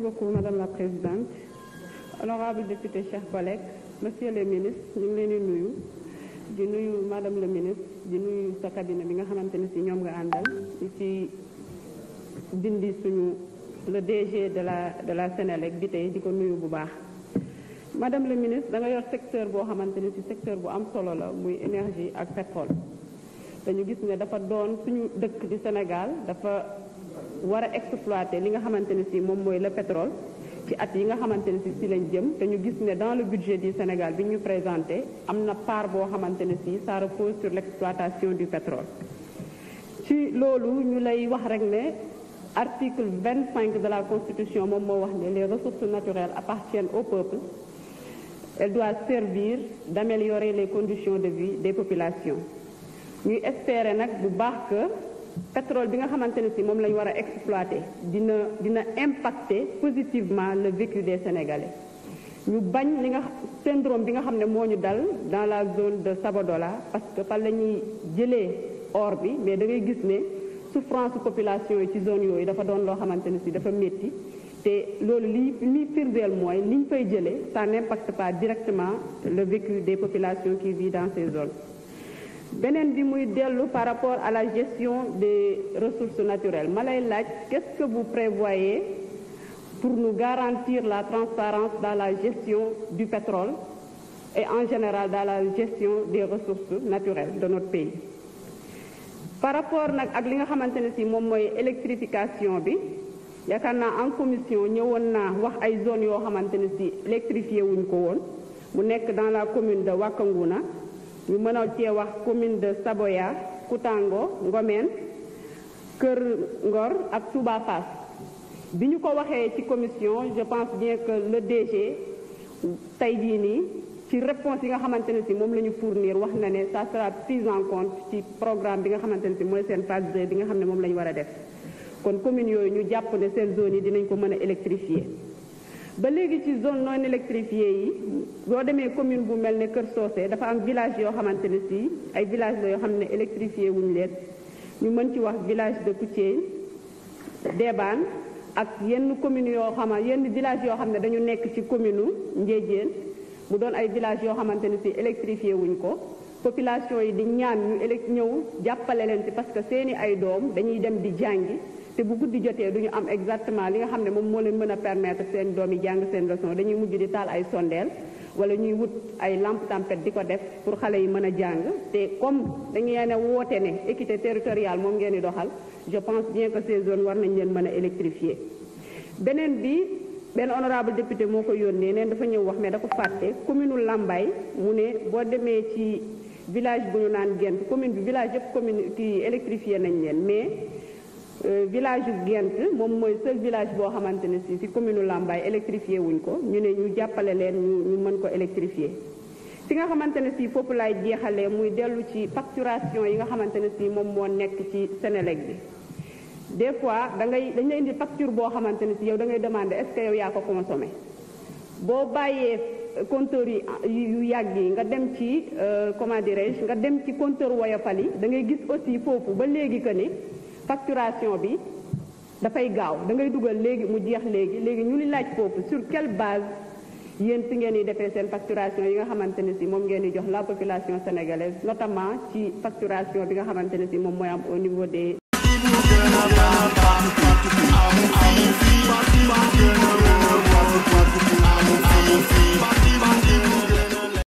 Merci beaucoup, Madame la Présidente. Honorable député, chers collègues, Monsieur le ministre, Madame le ministre di nuyu sa bi nga le DG de la de la Madame le ministre da nga secteur boo le secteur bu am solo la pétrole Nous Sénégal war a exploiter li nga xamante ne si moom mooy le pétrole ci at yi nga xamante ne si si lañ jëm te ñu gis ne dans le budget du Sénégal bi ñu présenté am na part boo xamante ne si ça repose sur l' exploitation du pétrole ci loolu ñu lay wax rek ne article 25 de la constitution moom moo wax ne les ressources naturelles appartiennent au peuple elles doivent servir d' améliorer les conditions de vie des populations ñu espérer nag bu baax que pétrole bi nga xamante ne la a exploiter dina dina impacter positivement le vécu des Sénégalais ñu bañ li nga syndrome bi nga xam dans la zone de Sabodola parce que fan la ñuy jëlee or bi mais da ngay gis ne souffrance population yi ci zone yooyu dafa doon loo xamante ne si dafa métti te loolu li liy firndeel mooy niñ fay ça n'impacte pas directement le vécu des populations qui vivent dans ces zones benen par rapport à la gestion des ressources naturelles qu'est-ce que vous prévoyez pour nous garantir la transparence dans la gestion du pétrole et en général dans la gestion des ressources naturelles de notre pays par rapport à l'électrification, il y a une en commission qui a wax ay si électrifié wuñ ko dans la commune de Wakanguna ñu mën a cee wax commune de Saboya Koutango Ngomeen Kër Ngor ak Touba Fass bi ñu ko waxee ci commission je pense bien que le DG tey jii nii ci réponse yi nga xamante ne si moom la ñu fournir wax na ne ça sera pris en compte ci programme bi nga xamante ne si mooy seen phase 2 bi nga xam ne moom la ñu war a def kon commune yooyu ñu jàpp ne seen zone yi dinañ ko mën a électrifier ba léegi ci zone non électrifiée yi boo demee commune bu mel ne Kër Socé dafa am village yoo xamante ne si ay village la yoo xam ne électrifié wuñ leen ñu mën ci wax village de Koutien Deban ak yenn communes yoo xam yenn village yoo xam ne dañu nekk ci commune u mu doon ay village yoo xamante ne si électrifié wuñ ko population yi di ñaan ñu élec ñëw jàppale leen ci parce que seeni ay doom dañuy dem di jàngi te bu guddi jotee du ñu am exactement li nga xam ne moom moo leen mën a permettre seen doom yi jàng seen leçon dañuy mujj di taal ay sondeel wala ñuy wut ay lampe tempête di ko def pour xale yi mën a jàng te comme dañu leen a woote ne équité territoriale moom ngeen di doxal je pense bien que ces war nañ leen mën a électrifier beneen bi benn honorable député moo ko yónnee neen dafa ñëw wax mais da ko fàtte commune u mu ne boo demee ci village bu ñu naan gent commune bi village yëpp commune ci électrifier nañ leen mais Euh, village u Gent moom mooy seul village boo xamante ne si si commune Lambaye électrifié wuñ ko ñu ne ñu jàppale leen ñu mën ko électrifié fi nga xamante ne si foofu laay jeexalee muy dellu ci facturation yi nga xamante ne si moom moo nekk ci seneleg bi des fois da ngay dañ lay indi facture boo xamante ne si yow da ngay demander est-ce que yaa ko consommé boo bàyyee compteur yi yu yàgg yi nga dem ci euh, comment dirais-je nga dem ci compteur Woyofal yi da ngay gis aussi foofu ba léegi que ni facturation bi dafay gaaw da ngay dugal léegi mu jeex léegi léegi ñu ni laaj foofu sur quelle base yéen si ngeen di defee seen facturation yi nga xamante ne si moom ngeen di jox la population sénégalaise notamment ci facturation bi nga xamante ne si moom mooy am au niveau des